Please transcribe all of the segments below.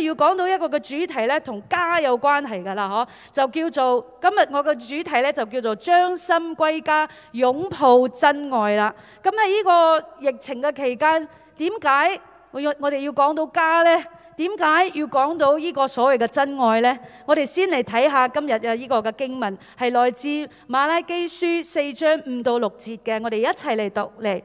要講到一個嘅主題呢，同家有關係噶啦，嗬？就叫做今日我嘅主題呢，就叫做將心歸家，擁抱真愛啦。咁喺呢個疫情嘅期間，點解我要我哋要講到家呢？點解要講到呢個所謂嘅真愛呢？我哋先嚟睇下今日嘅呢個嘅經文，係來自馬拉基書四章五到六節嘅，我哋一齊嚟讀嚟。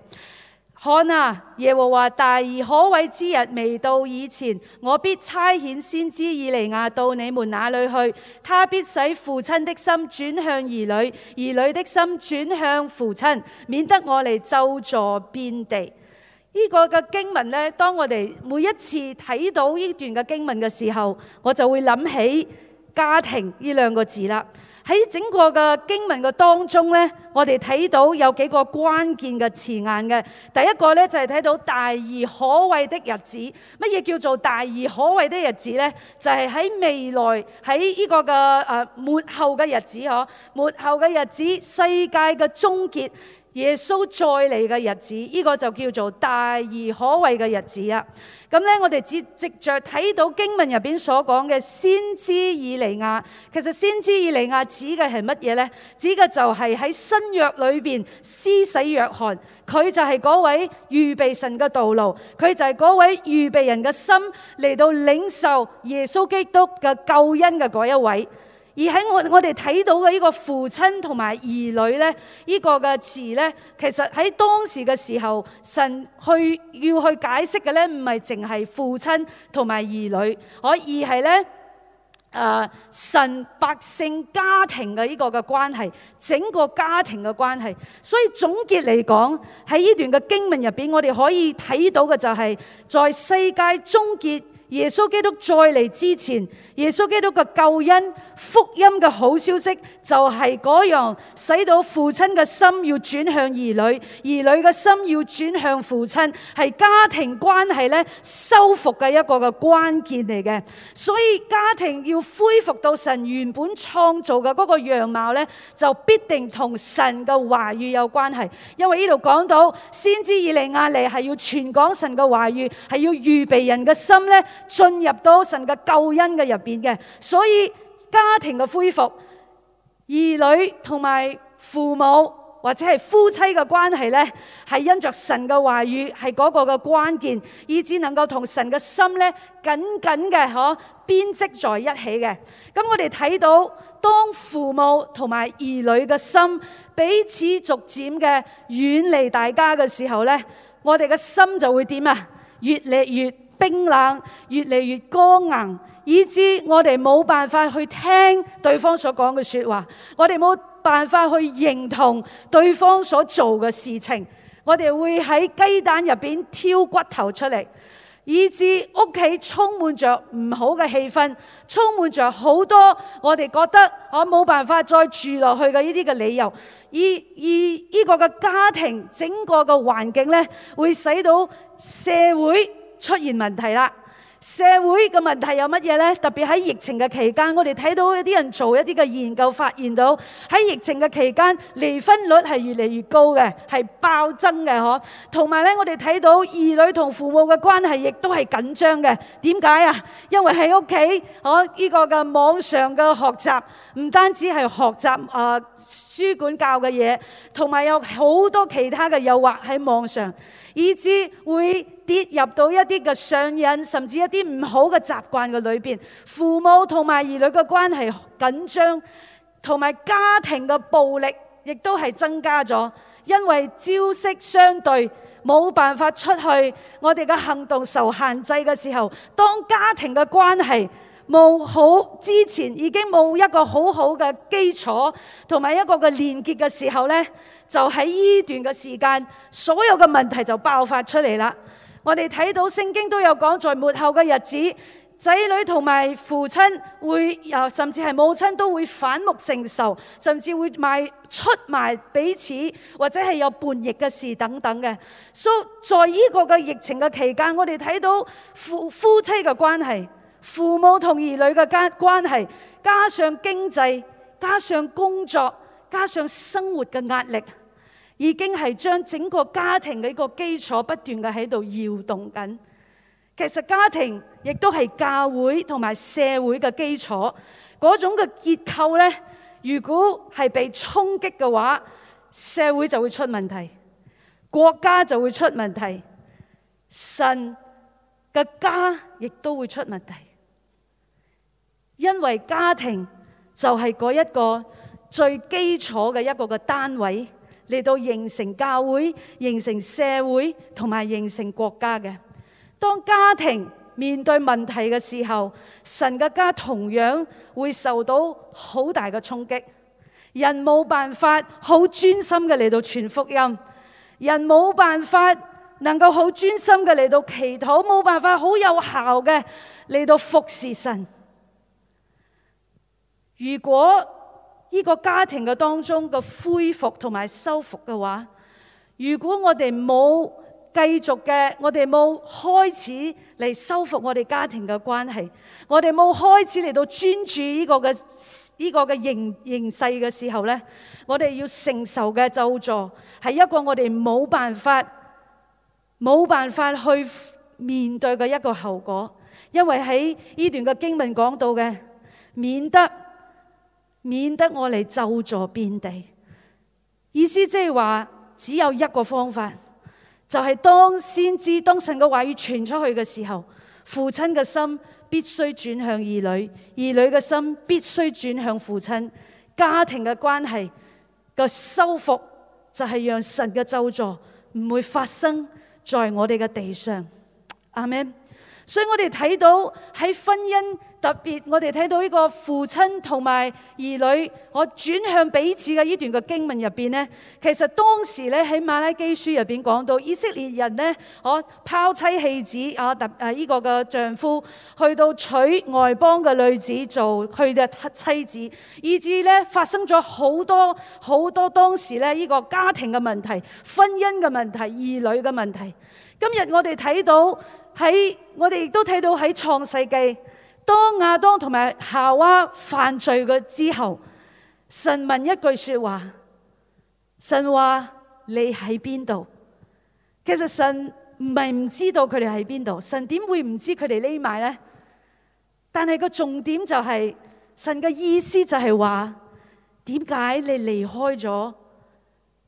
看啊，耶和華大而可畏之日未到以前，我必差遣先知以利亞到你們那裏去，他必使父親的心轉向兒女，兒女的心轉向父親，免得我嚟咒詛遍地。呢個嘅經文呢，當我哋每一次睇到呢段嘅經文嘅時候，我就會諗起家庭呢兩個字啦。喺整個嘅經文嘅當中呢，我哋睇到有幾個關鍵嘅詞眼嘅。第一個呢就係、是、睇到大而可畏的日子。乜嘢叫做大而可畏的日子呢？就係、是、喺未來喺呢個嘅誒末後嘅日子呵，末後嘅日、日子，世界嘅終結。耶穌再嚟嘅日子，呢個就叫做大而可畏嘅日子啊！咁呢，我哋直接睇到經文入邊所講嘅先知以利亞，其實先知以利亞指嘅係乜嘢呢？指嘅就係喺新約裏邊施洗約翰，佢就係嗰位預備神嘅道路，佢就係嗰位預備人嘅心嚟到領受耶穌基督嘅救恩嘅嗰一位。而喺我我哋睇到嘅呢個父親同埋兒女呢，呢、呢個嘅詞呢，其實喺當時嘅時候，神去要去解釋嘅呢，唔係淨係父親同埋兒女，而係呢，誒、呃、神百姓家庭嘅呢個嘅關係，整個家庭嘅關係。所以總結嚟講，喺呢段嘅經文入邊，我哋可以睇到嘅就係、係，在世界終結，耶穌基督再嚟之前，耶穌基督嘅救恩。福音嘅好消息就係嗰樣，使到父親嘅心要轉向兒女，兒女嘅心要轉向父親，係家庭關係咧修復嘅一個嘅關鍵嚟嘅。所以家庭要恢復到神原本創造嘅嗰個樣貌咧，就必定同神嘅話語有關係。因為呢度講到先知以利亞嚟係要全講神嘅話語，係要預備人嘅心咧進入到神嘅救恩嘅入邊嘅，所以。家庭嘅恢復，兒女同埋父母或者係夫妻嘅關係呢，係因着神嘅話語，係嗰個嘅關鍵，以至能夠同神嘅心呢，緊緊嘅嗬編織在一起嘅。咁我哋睇到，當父母同埋兒女嘅心彼此逐漸嘅遠離大家嘅時候呢，我哋嘅心就會點啊？越嚟越冰冷，越嚟越光硬。以至我哋冇辦法去聽對方所講嘅說話，我哋冇辦法去認同對方所做嘅事情，我哋會喺雞蛋入面挑骨頭出嚟，以至屋企充滿着唔好嘅氣氛，充滿着好多我哋覺得我冇辦法再住落去嘅呢啲嘅理由，以以呢個嘅家庭整個嘅環境呢，會使到社會出現問題啦。社會嘅問題有乜嘢呢？特別喺疫情嘅期間，我哋睇到一啲人做一啲嘅研究，發現到喺疫情嘅期間，離婚率係越嚟越高嘅，係爆增嘅呵。同埋咧，我哋睇到兒女同父母嘅關係亦都係緊張嘅。點解啊？因為喺屋企，我、這、呢個嘅網上嘅學習，唔單止係學習啊書館教嘅嘢，同埋有好多其他嘅誘惑喺網上。以至會跌入到一啲嘅上癮，甚至一啲唔好嘅習慣嘅裏邊。父母同埋兒女嘅關係緊張，同埋家庭嘅暴力亦都係增加咗。因為朝夕相對，冇辦法出去，我哋嘅行動受限制嘅時候，當家庭嘅關係冇好之前，已經冇一個好好嘅基礎同埋一個嘅連結嘅時候呢。就喺呢段嘅時間，所有嘅問題就爆發出嚟啦。我哋睇到聖經都有講，在末後嘅日子，仔女同埋父親會，甚至係母親都會反目成仇，甚至會賣出埋彼此，或者係有叛逆嘅事等等嘅。所、so, 在呢個嘅疫情嘅期間，我哋睇到夫夫妻嘅關係，父母同兒女嘅關係，加上經濟，加上工作、加上生活嘅壓力。已經係將整個家庭嘅一個基礎不斷嘅喺度搖動緊。其實家庭亦都係教會同埋社會嘅基礎嗰種嘅結構呢。如果係被衝擊嘅話，社會就會出問題，國家就會出問題，神嘅家亦都會出問題，因為家庭就係嗰一個最基礎嘅一個嘅單位。嚟到形成教會，形成社會同埋形成國家嘅。當家庭面對問題嘅時候，神嘅家同樣會受到好大嘅衝擊。人冇辦法好專心嘅嚟到傳福音，人冇辦法能夠好專心嘅嚟到祈禱，冇辦法好有效嘅嚟到服侍神。如果呢個家庭嘅當中嘅恢復同埋修復嘅話，如果我哋冇繼續嘅，我哋冇開始嚟修復我哋家庭嘅關係，我哋冇開始嚟到專注呢個嘅呢個嘅形形勢嘅時候呢，我哋要承受嘅咒詛係一個我哋冇辦法冇辦法去面對嘅一個後果，因為喺呢段嘅經文講到嘅，免得。免得我嚟咒詛遍地，意思即係話只有一個方法，就係、是、當先知當神嘅話語傳出去嘅時候，父親嘅心必須轉向兒女，兒女嘅心必須轉向父親，家庭嘅關係嘅修復就係、是、讓神嘅咒詛唔會發生在我哋嘅地上。阿們，所以我哋睇到喺婚姻。特別，我哋睇到呢個父親同埋兒女，我轉向彼此嘅呢段嘅經文入面呢。其實當時咧，喺馬拉基書入面講到以色列人呢，我拋妻棄子啊，特啊呢個嘅丈夫去到娶外邦嘅女子做佢嘅妻子，以致呢發生咗好多好多當時呢，呢個家庭嘅問題、婚姻嘅問題、兒女嘅問題。今日我哋睇到喺我哋亦都睇到喺創世紀當亞當同埋夏娃犯罪嘅之後，神問一句說話：神話你喺邊度？其實神唔係唔知道佢哋喺邊度，神點會唔知佢哋匿埋呢？但係個重點就係、是、神嘅意思就係話：點解你離開咗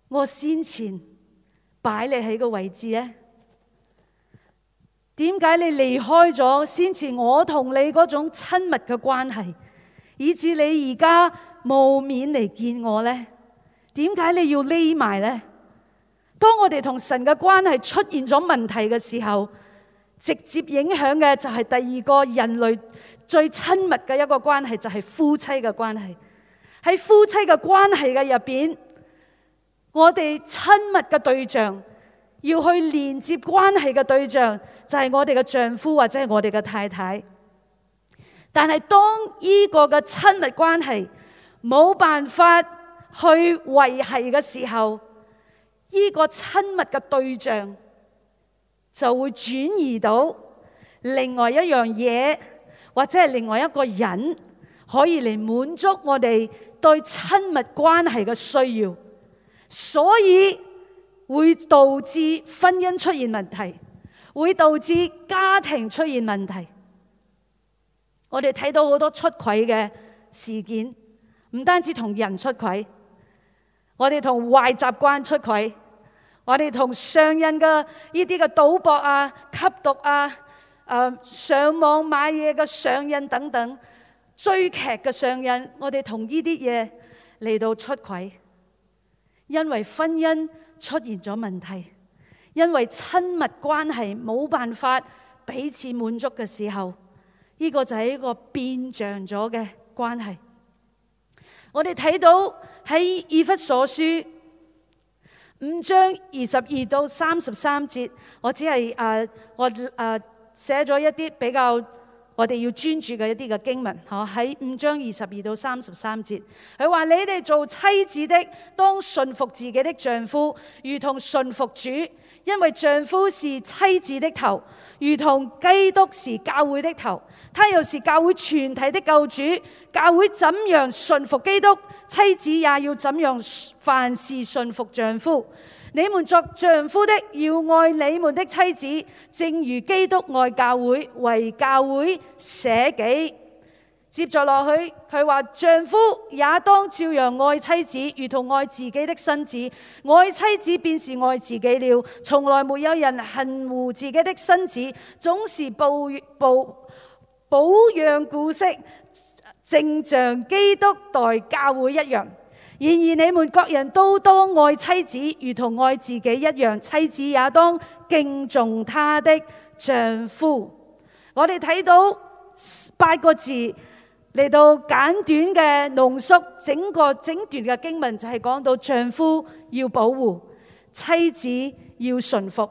我先前擺你喺個位置呢？」點解你離開咗，先前我同你嗰種親密嘅關係，以至你而家冇面嚟見我呢？點解你要匿埋呢？當我哋同神嘅關係出現咗問題嘅時候，直接影響嘅就係第二個人類最親密嘅一個關係，就係夫妻嘅關係。喺夫妻嘅關係嘅入邊，我哋親密嘅對象。要去連接關係嘅對象就係我哋嘅丈夫或者係我哋嘅太太，但係當呢個嘅親密關係冇辦法去維繫嘅時候，呢個親密嘅對象就會轉移到另外一樣嘢或者係另外一個人可以嚟滿足我哋對親密關係嘅需要，所以。會導致婚姻出現問題，會導致家庭出現問題。我哋睇到好多出軌嘅事件，唔單止同人出軌，我哋同壞習慣出軌，我哋同上癮嘅呢啲嘅賭博啊、吸毒啊、上網買嘢嘅上癮等等，追劇嘅上癮，我哋同呢啲嘢嚟到出軌，因為婚姻。出現咗問題，因為親密關係冇辦法彼此滿足嘅時候，呢、這個就係一個變象咗嘅關係。我哋睇到喺以弗所書五章二十二到三十三節，我只係誒、uh, 我誒寫咗一啲比較。我哋要專注嘅一啲嘅經文，嗬，喺五章二十二到三十三節，佢話你哋做妻子的，當順服自己的丈夫，如同順服主，因為丈夫是妻子的頭，如同基督是教會的頭，他又是教會全體的救主。教會怎樣順服基督，妻子也要怎樣凡事順服丈夫。你們作丈夫的要愛你們的妻子，正如基督愛教會，為教會捨己。接着落去，佢話：丈夫也當照樣愛妻子，如同愛自己的身子。愛妻子便是愛自己了。從來沒有人恨護自己的身子，總是保保保養顧惜，正像基督待教會一樣。然而你們各人都當愛妻子，如同愛自己一樣，妻子也當敬重她的丈夫。我哋睇到八個字嚟到簡短嘅濃縮整個整段嘅經文，就係講到丈夫要保護，妻子要順服。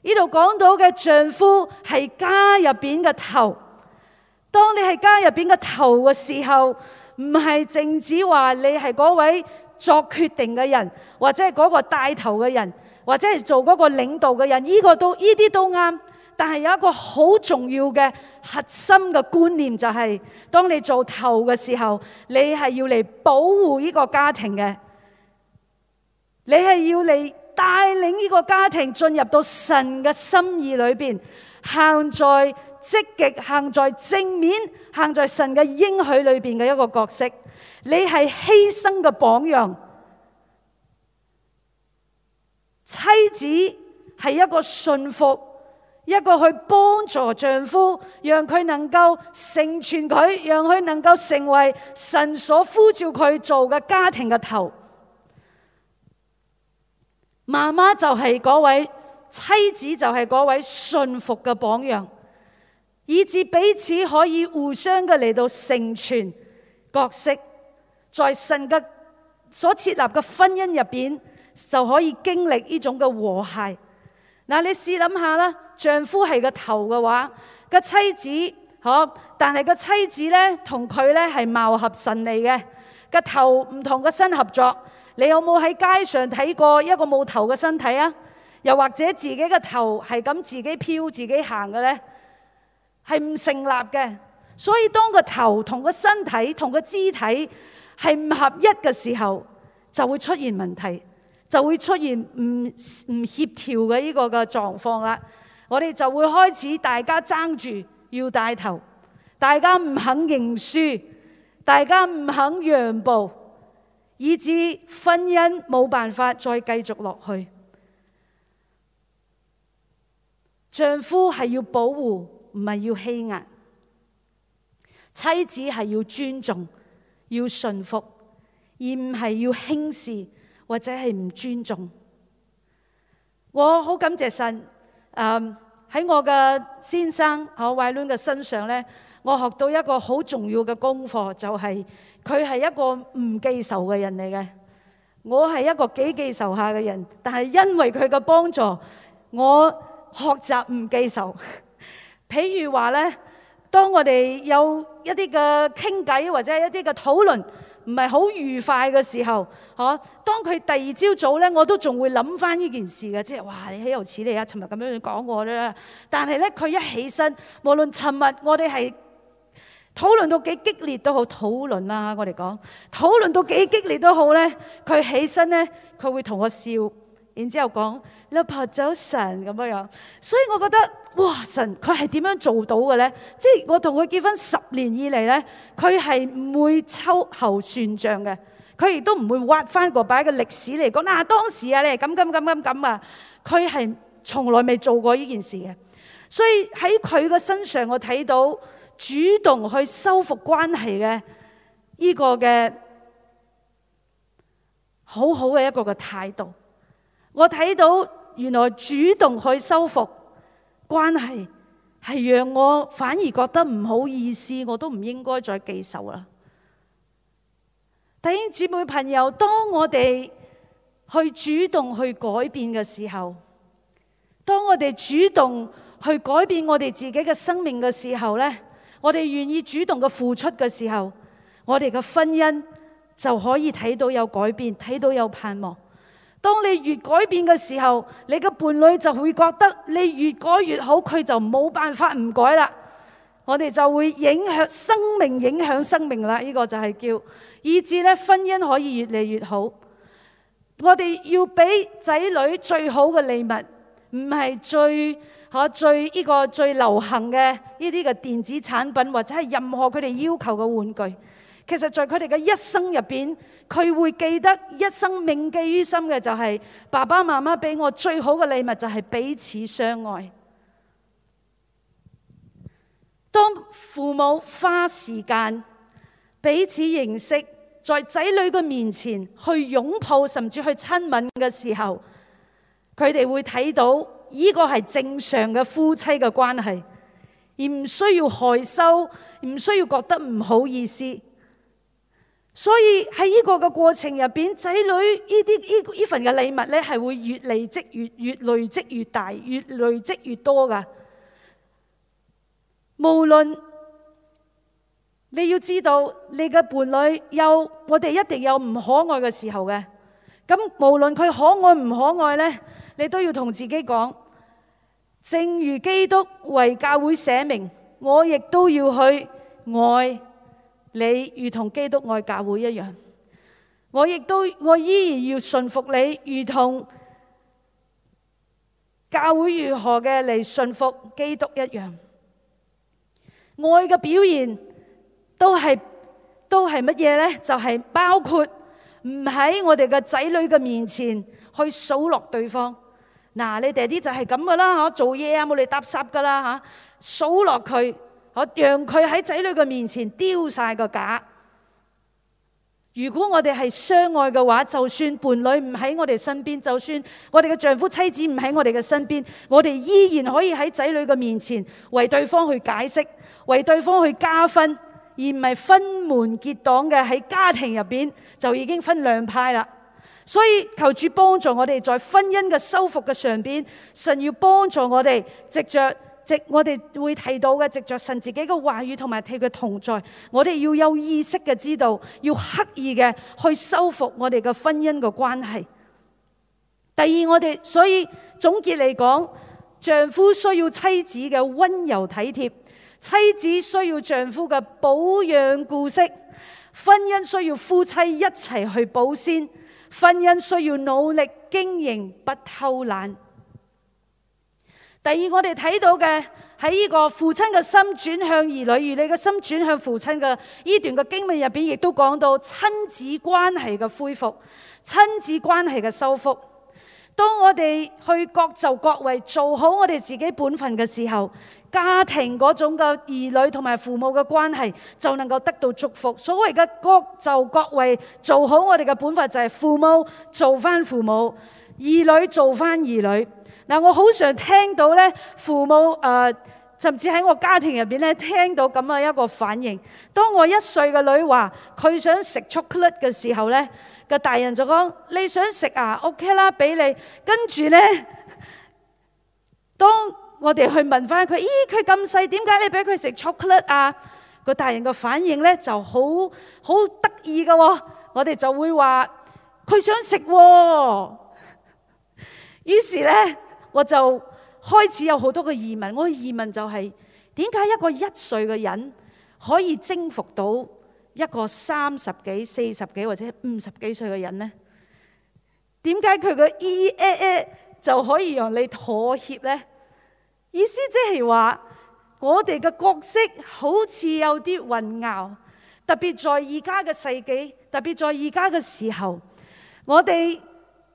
呢度講到嘅丈夫係家入邊嘅頭，當你係家入邊嘅頭嘅時候。唔係淨止話你係嗰位作決定嘅人，或者係嗰個帶頭嘅人，或者係做嗰個領導嘅人，呢個都，呢啲都啱。但係有一個好重要嘅核心嘅觀念，就係當你做頭嘅時候，你係要嚟保護呢個家庭嘅，你係要嚟帶領呢個家庭進入到神嘅心意裏邊，行在，積極行在正面，行在神嘅應許裏邊嘅一個角色。你係犧牲嘅榜樣，妻子係一個順服，一個去幫助丈夫，讓佢能夠成全佢，讓佢能夠成為神所呼召佢做嘅家庭嘅頭。媽媽就係嗰位，妻子就係嗰位順服嘅榜樣。以至彼此可以互相嘅嚟到成全角色，在神嘅所設立嘅婚姻入邊就可以經歷呢種嘅和諧。嗱，你試諗下啦，丈夫係個頭嘅話，個妻子，嗬、啊，但係個妻子呢，同佢呢係貌合神離嘅，個頭唔同個身合作。你有冇喺街上睇過一個冇頭嘅身體啊？又或者自己嘅頭係咁自己漂自己行嘅呢？係唔成立嘅，所以當個頭同個身體同個肢體係唔合一嘅時候，就會出現問題，就會出現唔唔協調嘅呢個嘅狀況啦。我哋就會開始大家爭住要帶頭，大家唔肯認輸，大家唔肯讓步，以至婚姻冇辦法再繼續落去。丈夫係要保護。唔係要欺壓，妻子係要尊重、要順服，而唔係要輕視或者係唔尊重。我好感謝神，喺、嗯、我嘅先生何偉倫嘅身上咧，我學到一個好重要嘅功課，就係佢係一個唔記仇嘅人嚟嘅。我係一個幾記仇下嘅人，但係因為佢嘅幫助，我學習唔記仇。譬如話咧，當我哋有一啲嘅傾偈或者一啲嘅討論唔係好愉快嘅時候，呵、啊，當佢第二朝早咧，我都仲會諗翻呢件事嘅，即係哇，你豈有此理啊，尋日咁樣講過啦。但係咧，佢一起身，無論尋日我哋係討論到幾激烈都好，討論啦，我哋講討論到幾激烈都好咧，佢起身咧，佢會同我笑。然之後講老婆走神咁樣所以我覺得哇，神佢係點樣做到嘅呢？即係我同佢結婚十年以嚟呢，佢係唔會秋後算賬嘅，佢亦都唔會挖翻個擺嘅歷史嚟講。嗱、啊，當時啊，你咁咁咁咁咁啊，佢係從來未做過呢件事嘅。所以喺佢嘅身上，我睇到主動去修復關係嘅呢個嘅好好嘅一個嘅態度。我睇到原來主動去修復關係，係讓我反而覺得唔好意思，我都唔應該再記仇啦。弟兄姊妹朋友，當我哋去主動去改變嘅時候，當我哋主動去改變我哋自己嘅生命嘅時候呢，我哋願意主動嘅付出嘅時候，我哋嘅婚姻就可以睇到有改變，睇到有盼望。當你越改變嘅時候，你嘅伴侶就會覺得你越改越好，佢就冇辦法唔改啦。我哋就會影響生命，影響生命啦。呢個就係叫，以至咧婚姻可以越嚟越好。我哋要俾仔女最好嘅禮物，唔係最吓最呢個最流行嘅呢啲嘅電子產品，或者係任何佢哋要求嘅玩具。其實，在佢哋嘅一生入邊，佢會記得一生銘記於心嘅就係、是、爸爸媽媽俾我最好嘅禮物就係彼此相愛。當父母花時間彼此認識，在仔女嘅面前去擁抱甚至去親吻嘅時候，佢哋會睇到呢、這個係正常嘅夫妻嘅關係，而唔需要害羞，唔需要覺得唔好意思。所以喺呢個嘅過程入邊，仔女呢啲呢呢份嘅禮物咧，係會越累積越越累積越大，越累積越多噶。無論你要知道，你嘅伴侶有我哋一定有唔可愛嘅時候嘅。咁無論佢可愛唔可愛咧，你都要同自己講，正如基督為教會寫明，我亦都要去愛。你如同基督愛教會一樣，我亦都我依然要順服你，如同教會如何嘅嚟順服基督一樣。愛嘅表現都係都係乜嘢呢？就係、是、包括唔喺我哋嘅仔女嘅面前去數落對方。嗱、啊，你哋啲就係咁噶啦，吓做嘢啊，冇你搭霎噶啦，吓數落佢。我讓佢喺仔女嘅面前丟晒個架。如果我哋係相愛嘅話，就算伴侶唔喺我哋身邊，就算我哋嘅丈夫妻子唔喺我哋嘅身邊，我哋依然可以喺仔女嘅面前為對方去解釋，為對方去加分，而唔係分門結黨嘅喺家庭入邊就已經分兩派啦。所以求主幫助我哋，在婚姻嘅修復嘅上邊，神要幫助我哋，藉著。我哋會提到嘅，藉着神自己嘅話語同埋佢嘅同在，我哋要有意識嘅知道，要刻意嘅去修復我哋嘅婚姻嘅關係。第二，我哋所以總結嚟講，丈夫需要妻子嘅溫柔體貼，妻子需要丈夫嘅保養顧惜，婚姻需要夫妻一齊去保鮮，婚姻需要努力經營，不偷懶。第二，我哋睇到嘅喺呢個父親嘅心轉向兒女，而你嘅心轉向父親嘅呢段嘅經文入邊，亦都講到親子關係嘅恢復、親子關係嘅修復。當我哋去各就各位做好我哋自己本分嘅時候，家庭嗰種嘅兒女同埋父母嘅關係，就能夠得到祝福。所謂嘅各就各位做好我哋嘅本分，就係、是、父母做翻父母，兒女做翻兒女。嗱，我好常聽到咧，父母誒、呃、甚至喺我家庭入面咧聽到咁嘅一個反應。當我一歲嘅女話佢想食 chocolate 嘅時候咧，個大人就講，你想食啊，OK 啦，俾你。跟住咧，當我哋去問翻佢，咦、哎，佢咁細點解你俾佢食 chocolate 啊？個大人嘅反應咧就好好得意嘅喎。我哋就會話佢想食喎、啊，於是咧。我就開始有好多個疑問，我個疑問就係點解一個一歲嘅人可以征服到一個三十幾、四十幾或者五十幾歲嘅人呢？點解佢個 EAA 就可以讓你妥協呢？意思即係話我哋嘅角色好似有啲混淆，特別在而家嘅世紀，特別在而家嘅時候，我哋，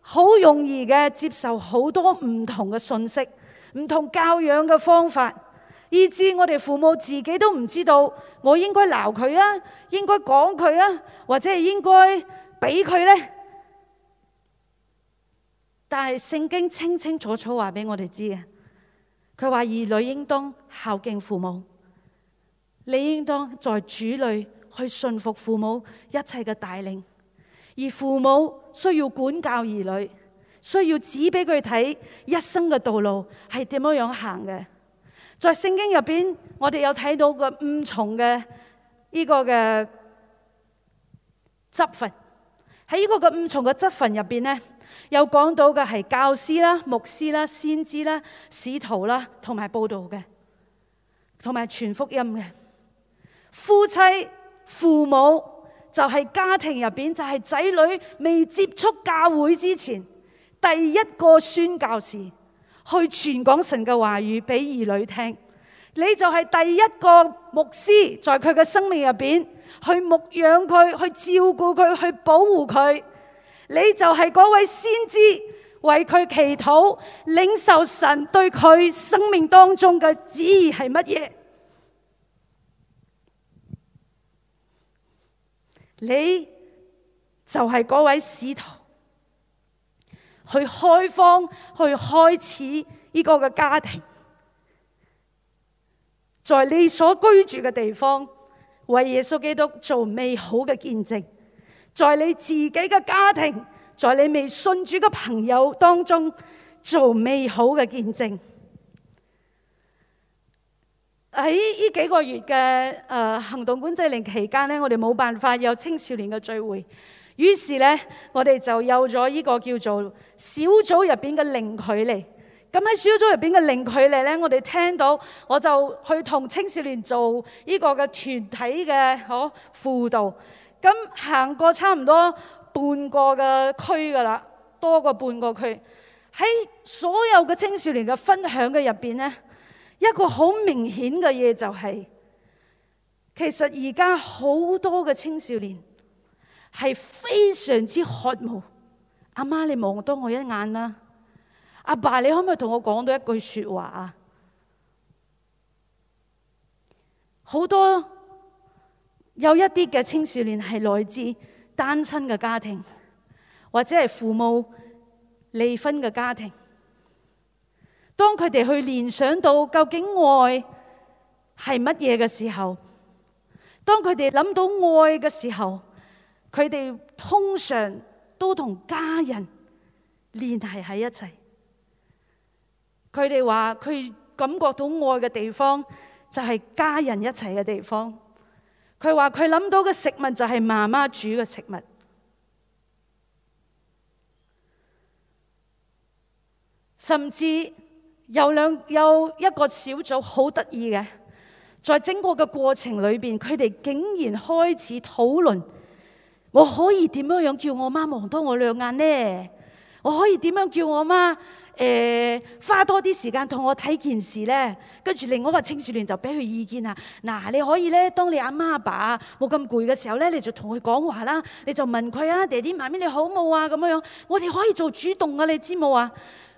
好容易嘅接受好多唔同嘅信息，唔同教養嘅方法，以致我哋父母自己都唔知道我應該鬧佢啊，應該講佢啊，或者係應該俾佢咧。但係聖經清清楚楚話俾我哋知嘅，佢話兒女應當孝敬父母，你應當在主裏去順服父母一切嘅帶領。而父母需要管教兒女，需要指俾佢睇一生嘅道路係點樣樣行嘅。在聖經入邊，我哋有睇到個五重嘅呢個嘅職分。喺呢個嘅五重嘅職分入邊咧，有講到嘅係教師啦、牧師啦、先知啦、使徒啦，同埋布道嘅，同埋全福音嘅、夫妻、父母。就係家庭入面，就係仔女未接觸教會之前，第一個宣教士去傳講神嘅話語俾兒女聽。你就係第一個牧師，在佢嘅生命入面，去牧養佢、去照顧佢、去保護佢。你就係嗰位先知，為佢祈禱，領受神對佢生命當中嘅旨意係乜嘢？你就係嗰位使徒，去開荒，去開始呢個嘅家庭，在你所居住嘅地方，為耶穌基督做美好嘅見證，在你自己嘅家庭，在你未信主嘅朋友當中，做美好嘅見證。喺呢幾個月嘅誒、呃、行動管制令期間呢，我哋冇辦法有青少年嘅聚會，於是呢，我哋就有咗呢個叫做小組入邊嘅零距離。咁喺小組入邊嘅零距離呢，我哋聽到我就去同青少年做呢個嘅團體嘅哦輔導。咁行過差唔多半個嘅區噶啦，多過半個區。喺所有嘅青少年嘅分享嘅入邊呢。一個好明顯嘅嘢就係，其實而家好多嘅青少年係非常之渴望阿媽你望多我一眼啦，阿爸，你可唔可以同我講多一句說話啊？好多有一啲嘅青少年係來自單親嘅家庭，或者係父母離婚嘅家庭。當佢哋去聯想到究竟愛係乜嘢嘅時候，當佢哋諗到愛嘅時候，佢哋通常都同家人聯繫喺一齊。佢哋話，佢感覺到愛嘅地方就係家人一齊嘅地方。佢話，佢諗到嘅食物就係媽媽煮嘅食物，甚至。有兩有一個小組好得意嘅，在整個嘅過程裏邊，佢哋竟然開始討論：我可以點樣樣叫我媽望多我兩眼呢？我可以點樣叫我媽誒、呃、花多啲時間同我睇件事呢？跟住另外一個青少年就俾佢意見啊！嗱，你可以呢，當你阿媽阿爸冇咁攰嘅時候呢，你就同佢講話啦，你就問佢啊，爹哋媽咪你好冇啊咁樣樣，我哋可以做主動啊，你知冇啊？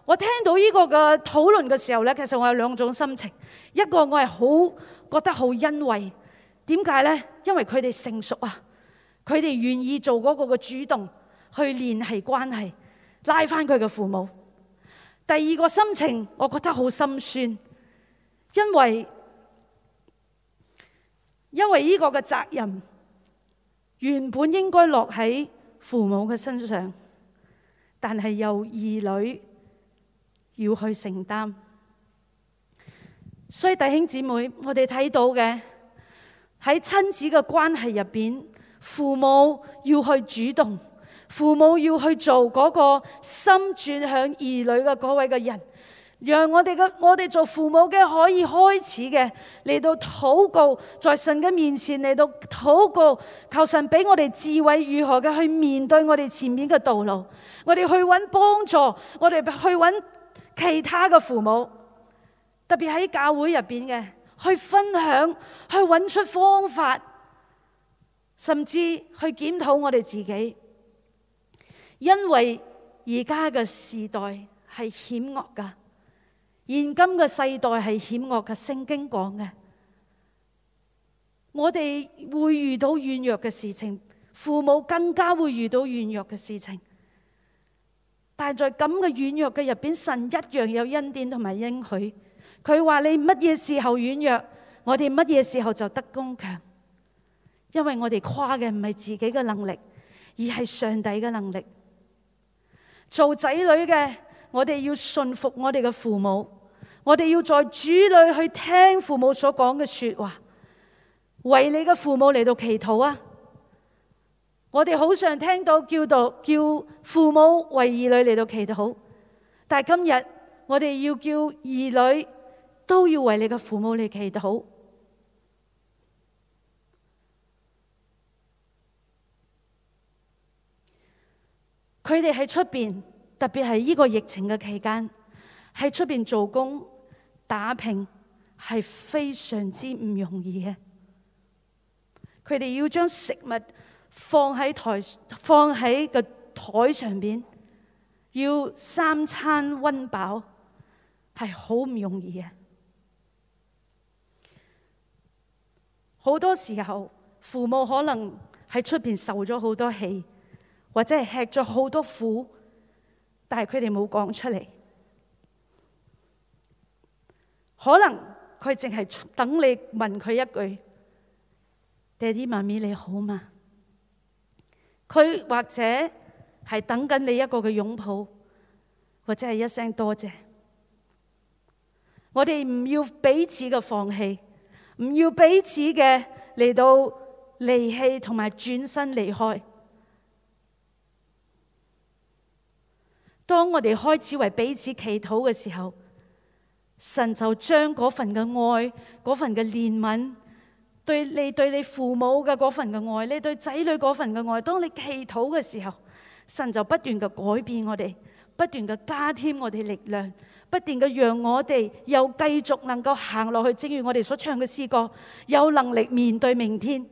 我聽到呢個嘅討論嘅時候呢，其實我有兩種心情。一個我係好覺得好欣慰，點解呢？因為佢哋成熟啊，佢哋願意做嗰個嘅主動去聯繫關係，拉翻佢嘅父母。第二個心情，我覺得好心酸，因為因為呢個嘅責任原本應該落喺父母嘅身上，但係由兒女要去承擔，所以弟兄姊妹，我哋睇到嘅，喺親子嘅關係入邊，父母要去主動，父母要去做嗰個心轉向兒女嘅嗰位嘅人，讓我哋嘅我哋做父母嘅可以開始嘅嚟到禱告在神嘅面前嚟到禱告，求神俾我哋智慧，如何嘅去面對我哋前面嘅道路，我哋去揾幫助，我哋去揾。其他嘅父母，特別喺教會入邊嘅，去分享，去揾出方法，甚至去檢討我哋自己。因為而家嘅時代係險惡㗎，現今嘅世代係險惡嘅，聖經講嘅，我哋會遇到軟弱嘅事情，父母更加會遇到軟弱嘅事情。但係在咁嘅軟弱嘅入邊，神一樣有恩典同埋應許。佢話你乜嘢時候軟弱，我哋乜嘢時候就得剛強。因為我哋誇嘅唔係自己嘅能力，而係上帝嘅能力。做仔女嘅，我哋要順服我哋嘅父母，我哋要在主裏去聽父母所講嘅說話。為你嘅父母嚟到祈禱啊！我哋好常聽到叫做，叫父母為兒女嚟到祈禱，但係今日我哋要叫兒女都要為你嘅父母嚟祈禱。佢哋喺出邊，特別係呢個疫情嘅期間，喺出邊做工打拼，係非常之唔容易嘅。佢哋要將食物。放喺台放喺個台上邊，要三餐溫飽，係好唔容易啊！好多時候，父母可能喺出邊受咗好多氣，或者係吃咗好多苦，但係佢哋冇講出嚟。可能佢淨係等你問佢一句：爹哋媽咪，你好嗎？佢或者係等緊你一個嘅擁抱，或者係一聲多謝。我哋唔要彼此嘅放棄，唔要彼此嘅嚟到離棄同埋轉身離開。當我哋開始為彼此祈禱嘅時候，神就將嗰份嘅愛、嗰份嘅憐憫。對你對你父母嘅嗰份嘅愛，你對仔女嗰份嘅愛，當你祈禱嘅時候，神就不斷嘅改變我哋，不斷嘅加添我哋力量，不斷嘅讓我哋又繼續能夠行落去，正如我哋所唱嘅詩歌，有能力面對明天，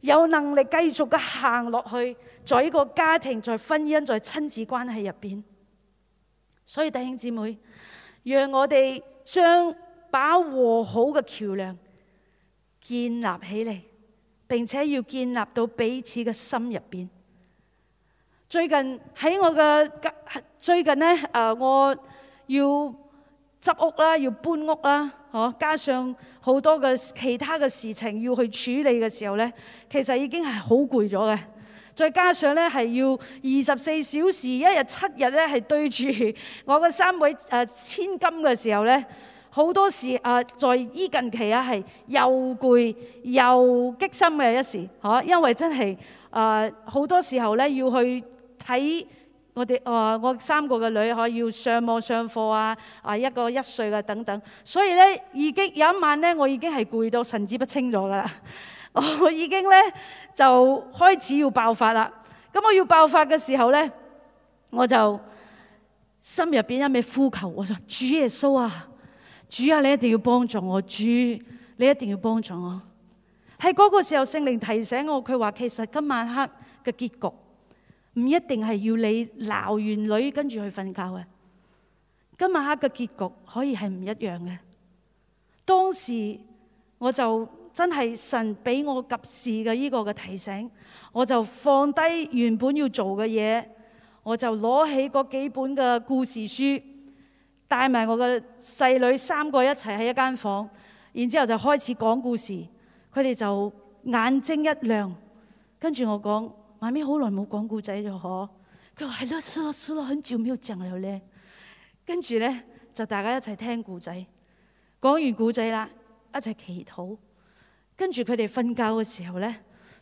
有能力繼續嘅行落去，在一個家庭、在婚姻、在親子關係入邊。所以弟兄姊妹，讓我哋將把和好嘅橋梁。建立起嚟，並且要建立到彼此嘅心入邊。最近喺我嘅最近呢、呃，我要執屋啦，要搬屋啦，啊，加上好多嘅其他嘅事情要去處理嘅時候呢，其實已經係好攰咗嘅。再加上呢，係要二十四小時一日七日呢，係對住我嘅三位誒、啊、千金嘅時候呢。好多時啊，在呢近期啊，係又攰又激心嘅一時嚇，因為真係啊，好、呃、多時候咧要去睇我哋啊、呃，我三個嘅女嚇要上網上課啊，啊一個一歲啊等等，所以咧已經有一晚咧，我已經係攰到神志不清咗啦，我已經咧就開始要爆發啦。咁我要爆發嘅時候咧，我就心入邊一咩呼求？我話主耶穌啊！主啊，你一定要幫助我，主，你一定要幫助我。喺嗰個時候，聖靈提醒我，佢話，其實今晚黑嘅結局唔一定係要你鬧完女跟住去瞓覺嘅，今晚黑嘅結局可以係唔一樣嘅。當時我就真係神俾我及時嘅呢個嘅提醒，我就放低原本要做嘅嘢，我就攞起嗰幾本嘅故事書。帶埋我個細女三個一齊喺一間房，然之後就開始講故事。佢哋就眼睛一亮，跟住我講：媽咪好耐冇講故仔就嗬。佢話係咯，係咯，係咯，很照沒正。」講了咧。跟住咧就大家一齊聽故仔，講完故仔啦，一齊祈禱。跟住佢哋瞓覺嘅時候咧，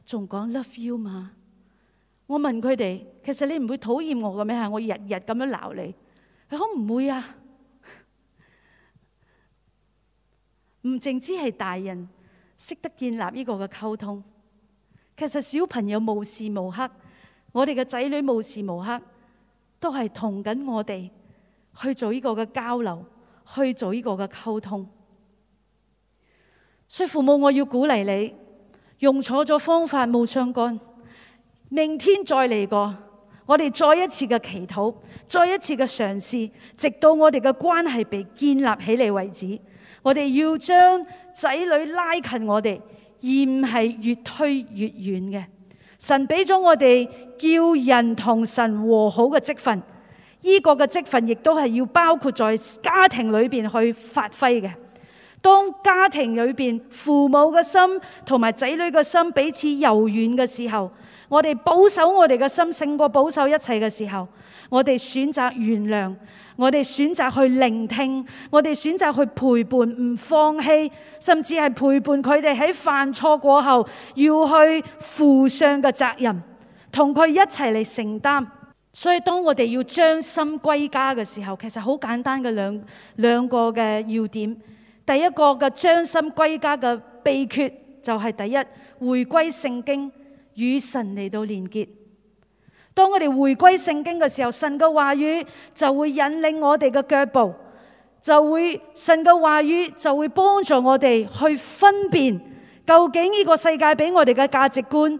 仲講 Love you 嘛。我問佢哋：其實你唔會討厭我嘅咩？係我日日咁樣鬧你。佢講唔會啊。唔淨止係大人識得建立呢個嘅溝通，其實小朋友無時無刻，我哋嘅仔女無時無刻都係同緊我哋去做呢個嘅交流，去做呢個嘅溝通。所以父母，我要鼓勵你，用錯咗方法冇相干，明天再嚟過，我哋再一次嘅祈禱，再一次嘅嘗試，直到我哋嘅關係被建立起嚟為止。我哋要將仔女拉近我哋，而唔係越推越遠嘅。神俾咗我哋叫人同神和好嘅職份，依、這個嘅職份亦都係要包括在家庭裏邊去發揮嘅。當家庭裏邊父母嘅心同埋仔女嘅心彼此柔軟嘅時候，我哋保守我哋嘅心勝過保守一切嘅時候，我哋選擇原諒。我哋選擇去聆聽，我哋選擇去陪伴，唔放棄，甚至係陪伴佢哋喺犯錯過後要去負上嘅責任，同佢一齊嚟承擔。所以當我哋要將心歸家嘅時候，其實好簡單嘅兩兩個嘅要點。第一個嘅將心歸家嘅秘訣就係第一，回歸聖經，與神嚟到連結。當我哋回歸聖經嘅時候，神嘅話語就會引領我哋嘅腳步，就會神嘅話語就會幫助我哋去分辨，究竟呢個世界畀我哋嘅價值觀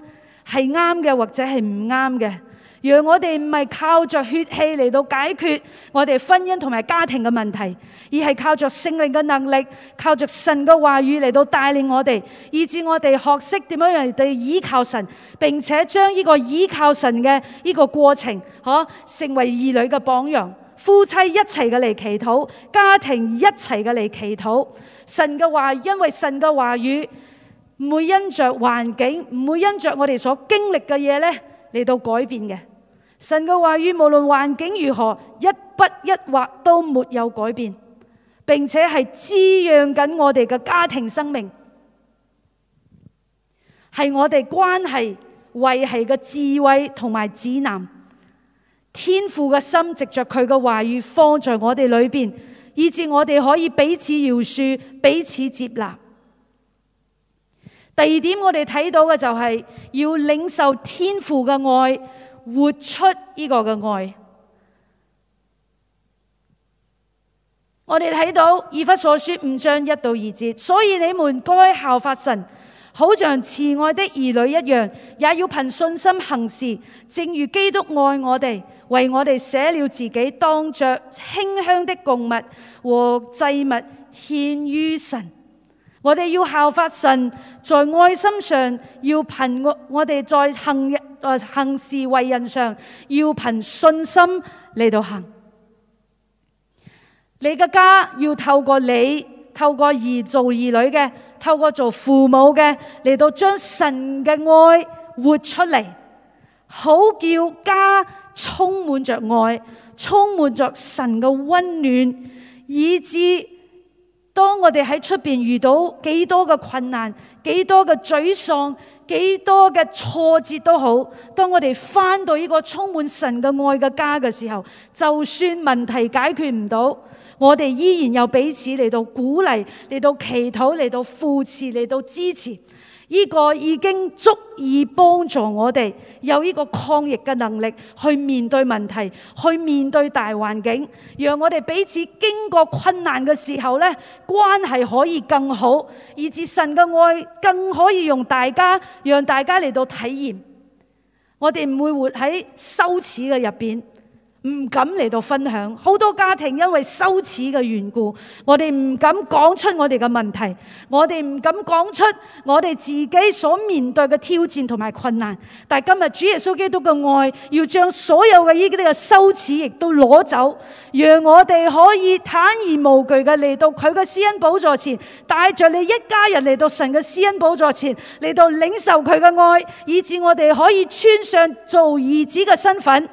係啱嘅或者係唔啱嘅。讓我哋唔係靠着血氣嚟到解決我哋婚姻同埋家庭嘅問題，而係靠着聖靈嘅能力，靠着神嘅話語嚟到帶領我哋，以致我哋學識點樣嚟地倚靠神，並且將呢個依靠神嘅呢個過程，嗬、啊，成為兒女嘅榜樣。夫妻一齊嘅嚟祈禱，家庭一齊嘅嚟祈禱。神嘅話，因為神嘅話語唔會因着環境，唔會因著我哋所經歷嘅嘢咧嚟到改變嘅。神嘅話語，無論環境如何，一筆一畫都沒有改變，並且係滋養緊我哋嘅家庭生命，係我哋關係維繫嘅智慧同埋指南。天父嘅心藉着佢嘅話語放在我哋裏邊，以致我哋可以彼此饒恕、彼此接納。第二點，我的、就是，我哋睇到嘅就係要領受天父嘅愛。活出呢個嘅愛，我哋睇到以弗所書五章一到二節，所以你們該效法神，好像慈愛的兒女一樣，也要憑信心行事，正如基督愛我哋，為我哋捨了自己，當着馨香的供物和祭物獻於神。我哋要效法神，在愛心上要憑我我哋再行。個行事為人上，要憑信心嚟到行。你嘅家要透過你，透過兒做兒女嘅，透過做父母嘅，嚟到將神嘅愛活出嚟，好叫家充滿着愛，充滿着神嘅溫暖，以至當我哋喺出邊遇到幾多嘅困難，幾多嘅沮喪，幾多嘅挫折都好，當我哋返到呢個充滿神嘅愛嘅家嘅時候，就算問題解決唔到，我哋依然有彼此嚟到鼓勵，嚟到祈禱，嚟到扶持，嚟到支持。呢、這個已經足以幫助我哋有呢個抗疫嘅能力，去面對問題，去面對大環境，讓我哋彼此經過困難嘅時候咧，關係可以更好，以至神嘅愛更可以用大家，讓大家嚟到體驗。我哋唔會活喺羞恥嘅入邊。唔敢嚟到分享，好多家庭因為羞恥嘅緣故，我哋唔敢講出我哋嘅問題，我哋唔敢講出我哋自己所面對嘅挑戰同埋困難。但係今日主耶穌基督嘅愛要將所有嘅呢啲嘅羞恥亦都攞走，讓我哋可以坦然無懼嘅嚟到佢嘅施恩寶座前，帶着你一家人嚟到神嘅施恩寶座前，嚟到領受佢嘅愛，以致我哋可以穿上做兒子嘅身份。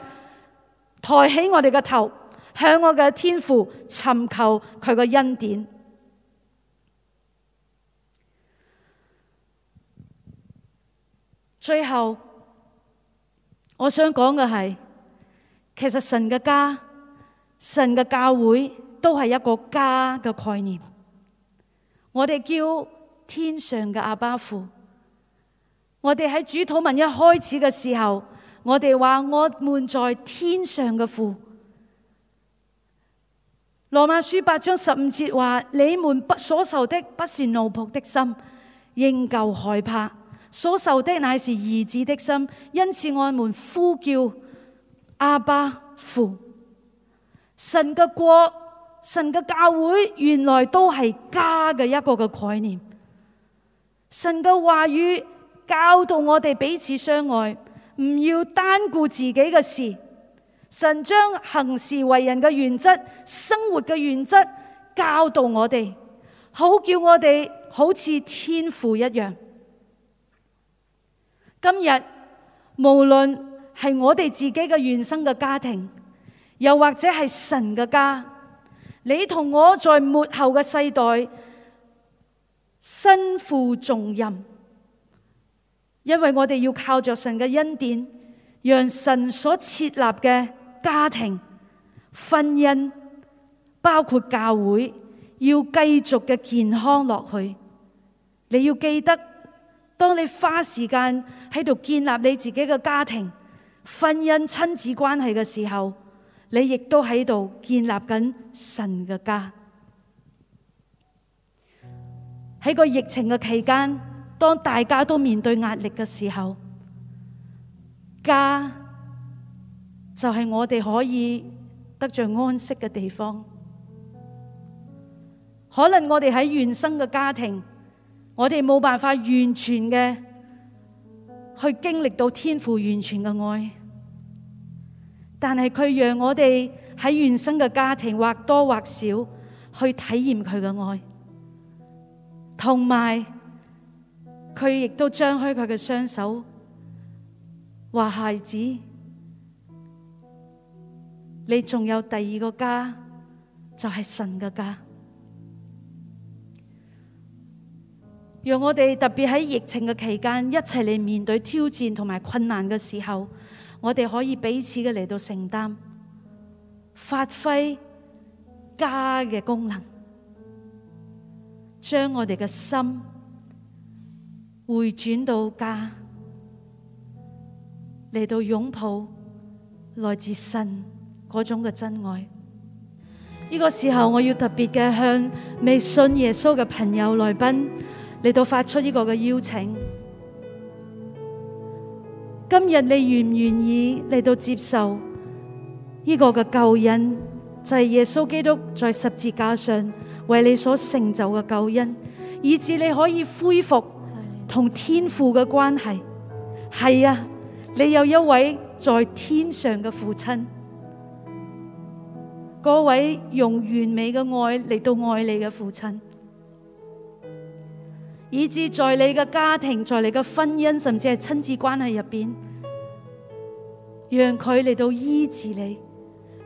抬起我哋嘅頭，向我嘅天父尋求佢嘅恩典。最後，我想講嘅係，其實神嘅家、神嘅教會都係一個家嘅概念。我哋叫天上嘅阿爸父，我哋喺主禱文一開始嘅時候。我哋話我們在天上嘅父。羅馬書八章十五節話：你們不所受的不是奴僕的心，仍舊害怕；所受的乃是兒子的心，因此我們呼叫阿爸父。神嘅國、神嘅教會原來都係家嘅一個嘅概念。神嘅話語教導我哋彼此相愛。唔要單顧自己嘅事，神將行事為人嘅原則、生活嘅原則教導我哋，好叫我哋好似天父一樣。今日無論係我哋自己嘅原生嘅家庭，又或者係神嘅家，你同我在末後嘅世代，身負重任。因為我哋要靠住神嘅恩典，讓神所設立嘅家庭、婚姻，包括教會，要繼續嘅健康落去。你要記得，當你花時間喺度建立你自己嘅家庭、婚姻、親子關係嘅時候，你亦都喺度建立緊神嘅家。喺個疫情嘅期間。當大家都面對壓力嘅時候，家就係我哋可以得着安息嘅地方。可能我哋喺原生嘅家庭，我哋冇辦法完全嘅去經歷到天父完全嘅愛，但係佢讓我哋喺原生嘅家庭，或多或少去體驗佢嘅愛，同埋。佢亦都張開佢嘅雙手，話，孩子，你仲有第二個家，就係神嘅家。讓我哋特別喺疫情嘅期間，一齊嚟面對挑戰同埋困難嘅時候，我哋可以彼此嘅嚟到承擔，發揮家嘅功能，將我哋嘅心。回轉到家，嚟到擁抱來自神嗰種嘅真愛。呢個時候，我要特別嘅向未信耶穌嘅朋友來賓嚟到發出呢個嘅邀請。今日你願唔願意嚟到接受呢個嘅救恩？就係耶穌基督在十字架上為你所成就嘅救恩，以至你可以恢復。同天父嘅關係，係啊，你有一位在天上嘅父親，嗰位用完美嘅愛嚟到愛你嘅父親，以致在你嘅家庭、在你嘅婚姻，甚至係親子關係入邊，讓佢嚟到醫治你，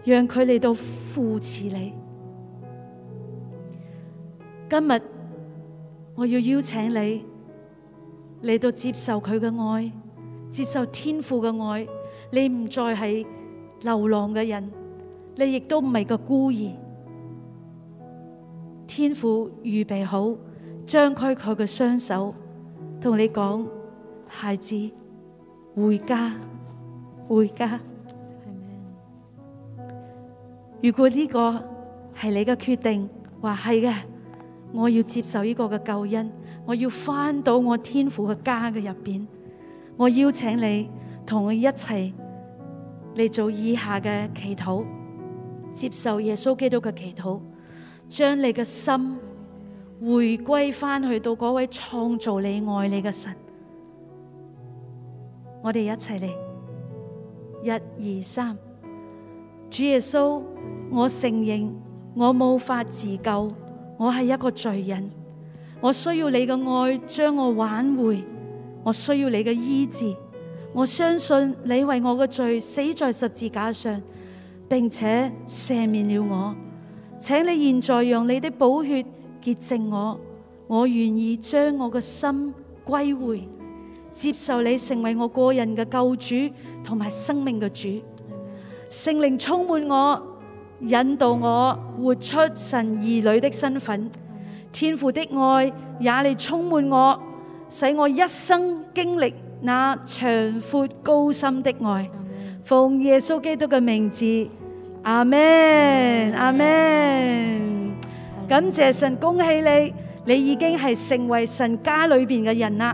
讓佢嚟到扶持你。今日我要邀請你，嚟到接受佢嘅愛，接受天父嘅愛，你唔再係流浪嘅人，你亦都唔係個孤兒。天父預備好，張開佢嘅雙手，同你講：孩子，回家，回家。如果呢個係你嘅決定，話係嘅，我要接受呢個嘅救恩。我要翻到我天父嘅家嘅入邊，我邀請你同我一齊嚟做以下嘅祈禱，接受耶穌基督嘅祈禱，將你嘅心回歸返去到嗰位創造你、愛你嘅神。我哋一齊嚟，一、二、三，主耶穌，我承認我冇法自救，我係一個罪人。我需要你嘅愛將我挽回，我需要你嘅醫治。我相信你為我嘅罪死在十字架上，並且赦免了我。請你現在讓你的寶血潔淨我，我願意將我嘅心歸回，接受你成為我個人嘅救主同埋生命嘅主。聖靈充滿我，引導我活出神兒女的身份。天父的愛也嚟充滿我，使我一生經歷那長闊高深的愛。Amen. 奉耶穌基督嘅名字，阿門，阿門。感謝神，恭喜你，你已經係成為神家裏面嘅人喇。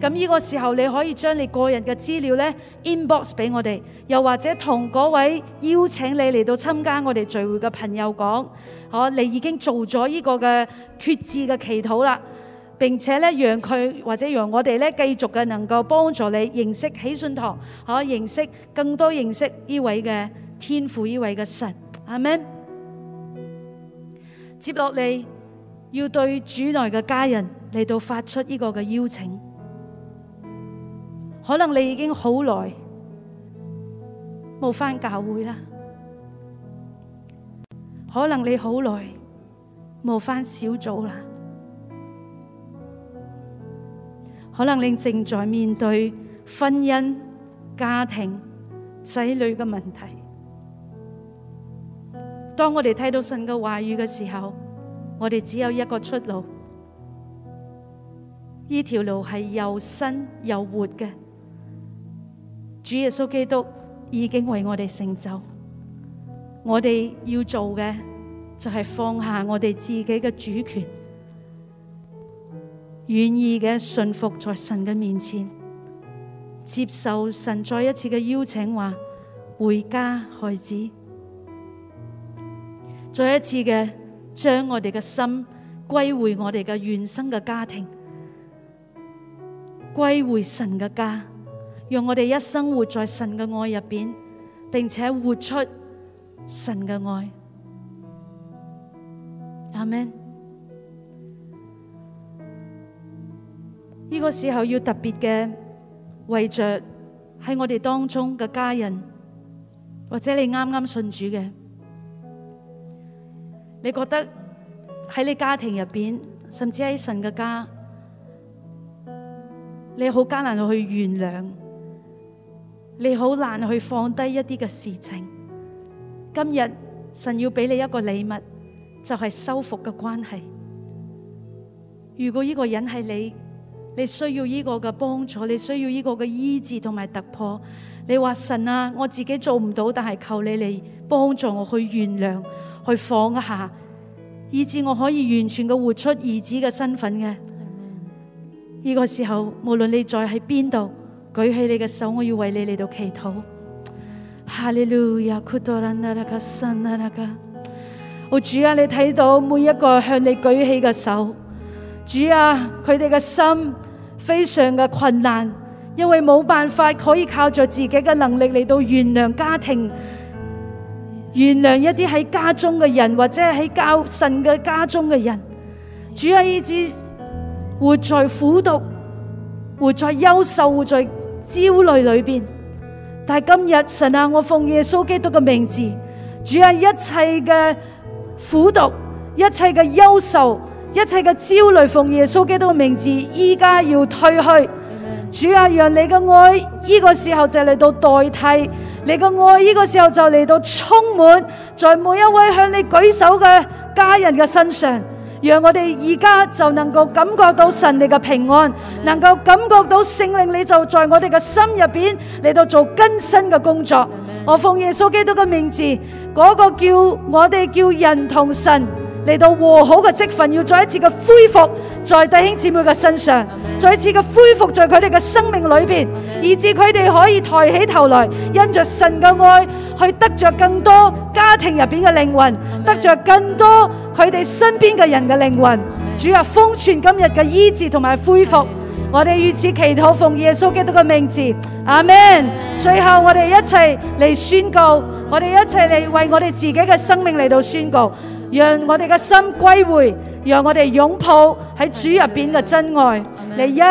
咁呢個時候，你可以將你個人嘅資料呢 Inbox 俾我哋，又或者同嗰位邀請你嚟到參加我哋聚會嘅朋友講，好，你已經做咗呢個嘅決志嘅祈禱啦，並且呢，讓佢或者讓我哋呢，繼續嘅能夠幫助你認識喜訊堂，可認識更多認識呢位嘅天父呢位嘅神，阿們。接落嚟要對主內嘅家人嚟到發出呢個嘅邀請。可能你已經好耐冇返教會啦，可能你好耐冇返小組啦，可能你正在面對婚姻、家庭、仔女嘅問題。當我哋睇到神嘅話語嘅時候，我哋只有一個出路，呢條路係又新又活嘅。主耶穌基督已經為我哋成就，我哋要做嘅就係放下我哋自己嘅主權，願意嘅信服在神嘅面前，接受神再一次嘅邀請，話回家，孩子，再一次嘅將我哋嘅心歸回我哋嘅原生嘅家庭，歸回神嘅家。讓我哋一生活在神嘅愛入邊，並且活出神嘅愛。阿門，呢個時候要特別嘅為着喺我哋當中嘅家人，或者你啱啱信主嘅，你覺得喺你家庭入邊，甚至喺神嘅家，你好艱難去原諒。你好難去放低一啲嘅事情。今日神要俾你一個禮物，就係修復嘅關係。如果呢個人係你，你需要呢個嘅幫助，你需要呢個嘅醫治同埋突破。你話神啊，我自己做唔到，但係求你嚟幫助我去原諒，去放一下，以至我可以完全嘅活出兒子嘅身份嘅。呢個時候，無論你再喺邊度。舉起你嘅手，我要為你嚟到祈禱。哈利路亞，我、oh、主啊，你睇到每一個向你舉起嘅手，主啊，佢哋嘅心非常嘅困難，因為冇辦法可以靠着自己嘅能力嚟到原諒家庭，原諒一啲喺家中嘅人或者喺教神嘅家中嘅人，主啊，以致活在苦毒，活在憂愁，活在焦慮裏邊，但係今日神啊，我奉耶穌基督嘅名字，主啊，一切嘅苦毒，一切嘅憂愁，一切嘅焦慮，奉耶穌基督嘅名字，依家要退去。Amen. 主啊，讓你嘅愛，呢、這個時候就嚟到代替你嘅愛，呢個時候就嚟到充滿在每一位向你舉手嘅家人嘅身上。讓我們現在就能夠感覺到神你的平安，能夠感覺到聖靈，你就在我們的心裏面來做更新的工作。我奉耶穌基督的名字，那個叫，我們叫人同神。嚟到和好嘅積分，要再一次嘅恢復在弟兄姊妹嘅身上，再一次嘅恢復在佢哋嘅生命裏邊，以致佢哋可以抬起頭來，因着神嘅愛去得著更多家庭入邊嘅靈魂，得著更多佢哋身邊嘅人嘅靈魂。主啊，封存今日嘅醫治同埋恢復。我哋如此祈禱，奉耶穌基督嘅名字，阿門。最後我哋一齊嚟宣告，我哋一齊嚟為我哋自己嘅生命嚟到宣告，讓我哋嘅心歸回，讓我哋擁抱喺主入面嘅真愛。嚟，一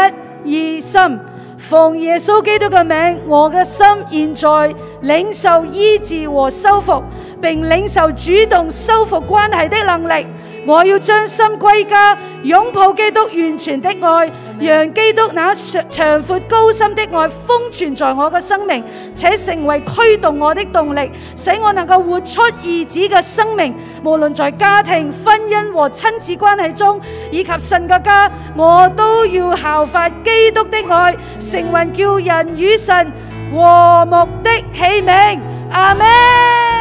二三，奉耶穌基督嘅名，我嘅心現在領受醫治和修復，並領受主動修復關係的能力。我要將心歸家，擁抱基督完全的愛，讓基督那長闊高深的愛封存在我嘅生命，且成為驅動我的動力，使我能夠活出兒子嘅生命。無論在家庭、婚姻和親子關係中，以及神嘅家，我都要效法基督的愛，成為叫人與神和睦的器皿。阿門。